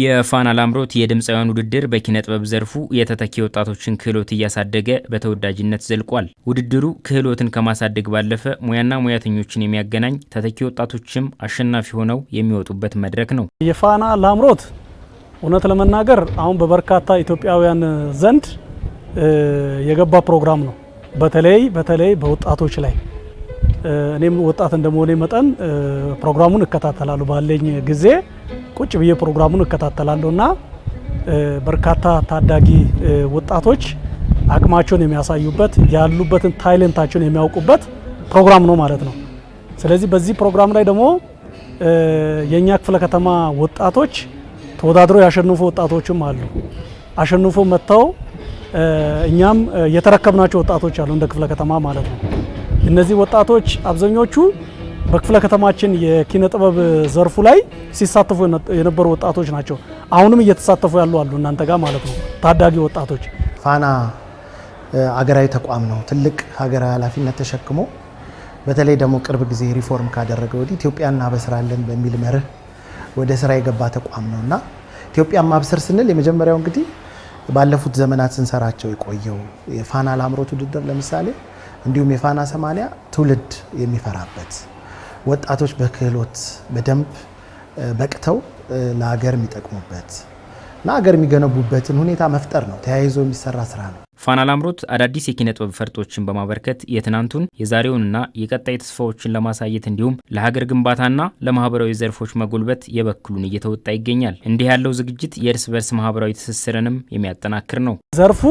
የፋና ላምሮት የድምፃውያን ውድድር በኪነ ጥበብ ዘርፉ የተተኪ ወጣቶችን ክህሎት እያሳደገ በተወዳጅነት ዘልቋል። ውድድሩ ክህሎትን ከማሳደግ ባለፈ ሙያና ሙያተኞችን የሚያገናኝ ተተኪ ወጣቶችም አሸናፊ ሆነው የሚወጡበት መድረክ ነው። የፋና ላምሮት እውነት ለመናገር አሁን በበርካታ ኢትዮጵያውያን ዘንድ የገባ ፕሮግራም ነው። በተለይ በተለይ በወጣቶች ላይ እኔም ወጣት እንደመሆኔ መጠን ፕሮግራሙን እከታተላለሁ ባለኝ ጊዜ ቁጭ ብዬ ፕሮግራሙን እከታተላለሁ እና በርካታ ታዳጊ ወጣቶች አቅማቸውን የሚያሳዩበት ያሉበትን ታይለንታቸውን የሚያውቁበት ፕሮግራም ነው ማለት ነው። ስለዚህ በዚህ ፕሮግራም ላይ ደግሞ የእኛ ክፍለ ከተማ ወጣቶች ተወዳድረው ያሸንፉ ወጣቶችም አሉ። አሸንፎ መጥተው እኛም የተረከብናቸው ወጣቶች አሉ፣ እንደ ክፍለ ከተማ ማለት ነው። እነዚህ ወጣቶች አብዛኞቹ በክፍለ ከተማችን የኪነ ጥበብ ዘርፉ ላይ ሲሳተፉ የነበሩ ወጣቶች ናቸው። አሁንም እየተሳተፉ ያሉ አሉ፣ እናንተ ጋር ማለት ነው። ታዳጊ ወጣቶች ፋና አገራዊ ተቋም ነው። ትልቅ ሀገራዊ ኃላፊነት ተሸክሞ በተለይ ደግሞ ቅርብ ጊዜ ሪፎርም ካደረገ ወዲህ ኢትዮጵያ እናበስራለን በሚል መርህ ወደ ስራ የገባ ተቋም ነው እና ኢትዮጵያን ማብሰር ስንል የመጀመሪያው እንግዲህ ባለፉት ዘመናት ስንሰራቸው የቆየው የፋና ላምሮት ውድድር ለምሳሌ እንዲሁም የፋና ሰማንያ ትውልድ የሚፈራበት ወጣቶች በክህሎት በደንብ በቅተው ለሀገር የሚጠቅሙበት ለሀገር የሚገነቡበትን ሁኔታ መፍጠር ነው። ተያይዞ የሚሰራ ስራ ነው። ፋና ላምሮት አዳዲስ የኪነ ጥበብ ፈርጦችን በማበርከት የትናንቱን የዛሬውንና የቀጣይ ተስፋዎችን ለማሳየት እንዲሁም ለሀገር ግንባታና ለማህበራዊ ዘርፎች መጎልበት የበኩሉን እየተወጣ ይገኛል። እንዲህ ያለው ዝግጅት የእርስ በርስ ማህበራዊ ትስስርንም የሚያጠናክር ነው። ዘርፉ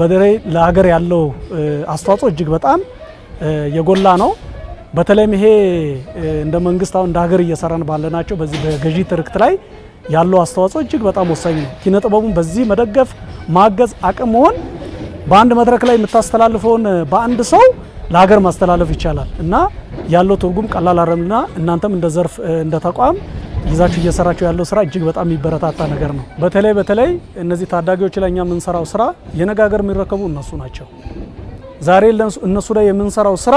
በተለይ ለሀገር ያለው አስተዋጽኦ እጅግ በጣም የጎላ ነው። በተለይም ይሄ እንደ መንግስት አሁን እንደ ሀገር እየሰራን ባለናቸው በዚህ በገዢ ትርክት ላይ ያለው አስተዋጽኦ እጅግ በጣም ወሳኝ ነው። ኪነ ጥበቡን በዚህ መደገፍ፣ ማገዝ፣ አቅም መሆን በአንድ መድረክ ላይ የምታስተላልፈውን በአንድ ሰው ለሀገር ማስተላለፍ ይቻላል እና ያለው ትርጉም ቀላል አረምና እናንተም እንደ ዘርፍ እንደ ተቋም ይዛችሁ እየሰራችሁ ያለው ስራ እጅግ በጣም የሚበረታታ ነገር ነው። በተለይ በተለይ እነዚህ ታዳጊዎች ላይ እኛ የምንሰራው ስራ የነገ ሀገር የሚረከቡ እነሱ ናቸው። ዛሬ እነሱ ላይ የምንሰራው ስራ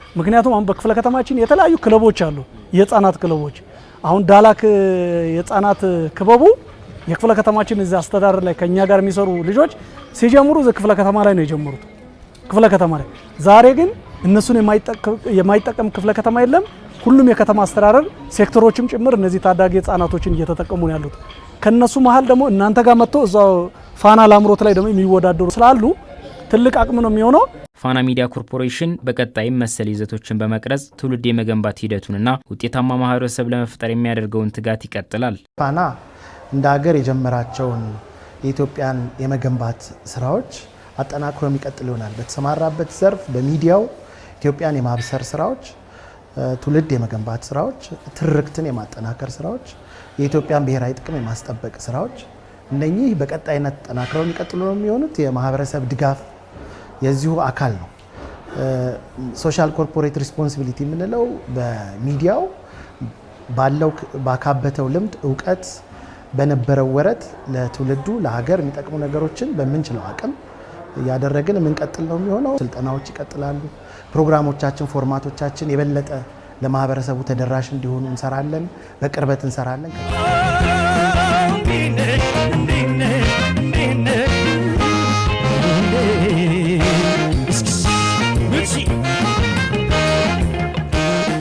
ምክንያቱም አሁን በክፍለ ከተማችን የተለያዩ ክለቦች አሉ፣ የህፃናት ክለቦች። አሁን ዳላክ የህፃናት ክበቡ የክፍለ ከተማችን እዚህ አስተዳደር ላይ ከእኛ ጋር የሚሰሩ ልጆች ሲጀምሩ እዚህ ክፍለ ከተማ ላይ ነው የጀመሩት፣ ክፍለ ከተማ ላይ። ዛሬ ግን እነሱን የማይጠቀም ክፍለ ከተማ የለም። ሁሉም የከተማ አስተዳደር ሴክተሮችም ጭምር እነዚህ ታዳጊ ህፃናቶችን እየተጠቀሙ ነው ያሉት። ከእነሱ መሀል ደግሞ እናንተ ጋር መጥተው እዛው ፋና ላምሮት ላይ ደግሞ የሚወዳደሩ ስላሉ ትልቅ አቅም ነው የሚሆነው። ፋና ሚዲያ ኮርፖሬሽን በቀጣይም መሰል ይዘቶችን በመቅረጽ ትውልድ የመገንባት ሂደቱንና ውጤታማ ማህበረሰብ ለመፍጠር የሚያደርገውን ትጋት ይቀጥላል። ፋና እንደ ሀገር የጀመራቸውን የኢትዮጵያን የመገንባት ስራዎች አጠናክሮ የሚቀጥል ይሆናል። በተሰማራበት ዘርፍ በሚዲያው ኢትዮጵያን የማብሰር ስራዎች፣ ትውልድ የመገንባት ስራዎች፣ ትርክትን የማጠናከር ስራዎች፣ የኢትዮጵያን ብሔራዊ ጥቅም የማስጠበቅ ስራዎች እነኚህ በቀጣይነት ተጠናክረው የሚቀጥሉ ነው የሚሆኑት የማህበረሰብ ድጋፍ የዚሁ አካል ነው። ሶሻል ኮርፖሬት ሪስፖንሲቢሊቲ የምንለው በሚዲያው ባለው ባካበተው ልምድ፣ እውቀት፣ በነበረው ወረት ለትውልዱ ለሀገር የሚጠቅሙ ነገሮችን በምንችለው አቅም እያደረግን የምንቀጥል ነው የሚሆነው። ስልጠናዎች ይቀጥላሉ። ፕሮግራሞቻችን፣ ፎርማቶቻችን የበለጠ ለማህበረሰቡ ተደራሽ እንዲሆኑ እንሰራለን። በቅርበት እንሰራለን።